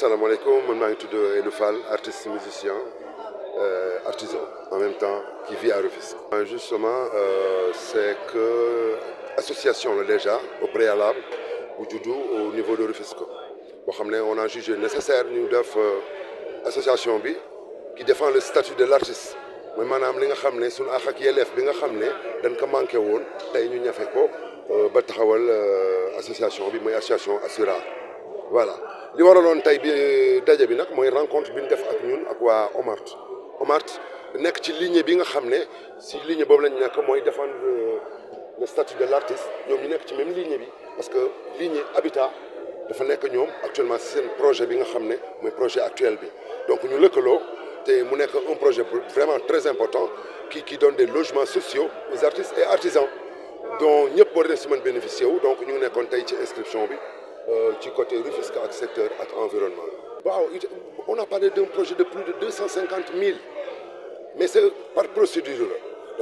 Salam man mon nom est Elou Fall artiste musicien euh, artisan en même temps qui vit à Rufisque. Euh, justement euh, c'est que association déjà au préalable bu juddu au niveau de Rufisque boo xam on a jugé nécessaire nous devons euh, association bi qui défend le statut de l'artiste Mais maanaam li nga xam ne sunu àq ak yelleef bi nga xam ne dañ ko manqué woon tey ñu ñafe ko euh, ba taxawal association bi mooy association Assura voilà li waraloon tey bi euh, daje bi la rencontre bi ñu def ak ñun ak waa Omart Omart nekk ci ligne bi nga xamné ci si bobu lañ nek moy défendre euh, le statut de l'artiste ñom ñu nekk ci même ligne. bi parce que ligne, Habitat dafa nekk ñom actuellement c'est un projet bi nga xamné moy projet actuel bi donc ñu lekkelo té mu nek un projet vraiment très important qui qui donne des logements sociaux aux artistes et artisans dont ñepp war na donc ñu nekkon tay ci inscription bi du euh, côté Rufisque du secteur environnement. on a parlé d'un projet de plus de 250 000, mais c'est par procédure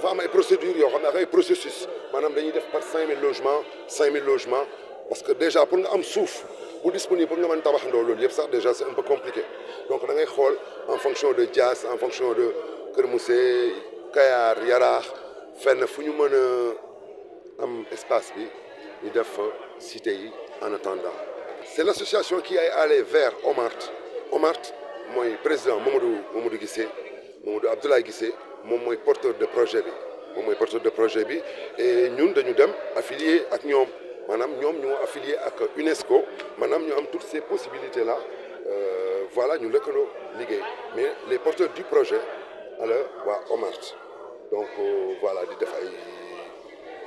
On a procédures il y processus On dañuy def par 5 000 logements 5.000 logements parce que déjà pour nous, on souffre. Pour disponible pour nous, on déjà c'est un peu compliqué donc on a rôle en fonction de jazz, en fonction de Kermoussé, Kayar Yara, fenn espace ñu def en attendant c'est l'association qui est allée vers Omart Omart mon président Mamadou Mamadou Guissé Mamadou Abdoulaye Gissé, mon porteur de projet bi moom porteur de projet bi et nous, dañu dem affiliés ak nous maanaam nous sommes affilié ak UNESCO maanaam ñu am toutes ces possibilités là euh, voilà ñu lëkkaloo liggéey mais les porteurs du projet alors waa Omart donc euh, voilà di def ay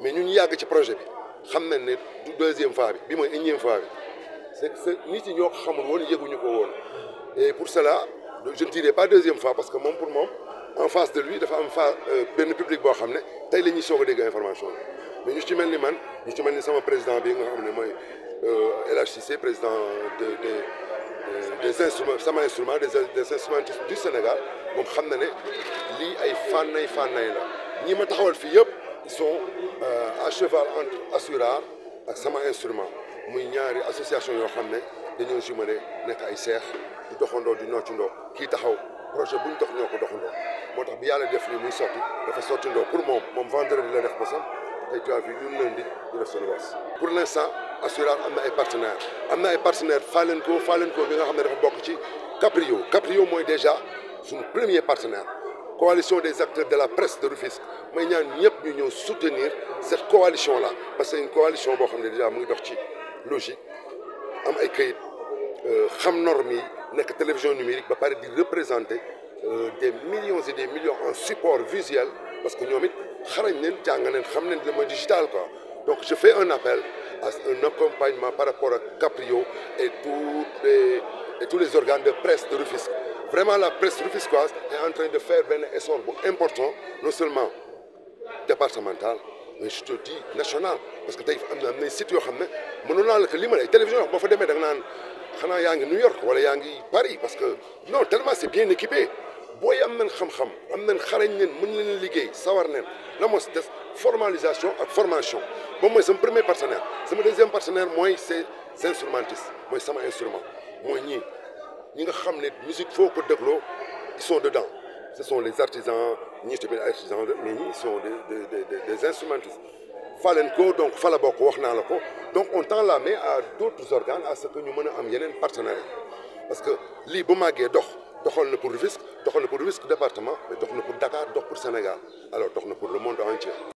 mais ñun yàgg ci projet bi xam nañ du deuxième fois bi bi mooy énième fois bi c'est ni ci yi xamul woon yëguñu ko won et pour cela je ne dirai pas deuxième fois parce que mon pour moom en face de lui dafa am fa ben public bo xamné tay tey ñi ñuy dégg information mais ñu ci melni man ñu ci melni sama président bi nga xam moy euh LHCC président de des euh, des instruments sama instrument des des instruments du Sénégal moom xam na ne lii ay fànnay fànnay la ñi ma taxawal fii yëpp sont euh, à cheval entre Assurar et sama instrument avons une association qui est projet pour vendre mon vendredi lundi pour l'instant Assurar est un partenaire. partenaires partenaire, na Falenco Falenco Caprio Caprio est déjà son premier partenaire coalition des acteurs de la presse de Rufisque Mais nous devons soutenir cette coalition là parce que une coalition déjà logique am ay kayit euh, xam norme la télévision numérique ba paraît représenter euh, des millions et des millions en support visuel parce que nous avons xarañ le digital donc je fais un appel à un accompagnement par rapport à Caprio et tous les et tous les organes de presse de Rufisque vraiment la presse rufiscoise est en train de faire un ben essor important, non seulement départemental, mais je te dis national. Parce que tu as na sites yoo la télévision boo fa demee da nga New York ou Paris parce que non tellement c'est bien équipé Si am nañ xam-xam am nañ xarañ leen mën leen liggéey sawar la des formalisation ak formation moi c'est mon premier partenaire Mon deuxième partenaire c'est l'instrumentiste, moi c'est sama instrument moi ñii ñi nga xam musique foo ko ils sont dedans ce sont les artisans ni tamit artisans la mais sont des des des des instrumentistes. Falenko, donc falaboko la bokk donc on tend la main à d'autres organes à ce que ñu mën un am partenariat parce que lii bu donc dox doxal na pour le doxal na pour risque département mais donc na pour Dakar dox pour Sénégal alors donc pour le monde entier.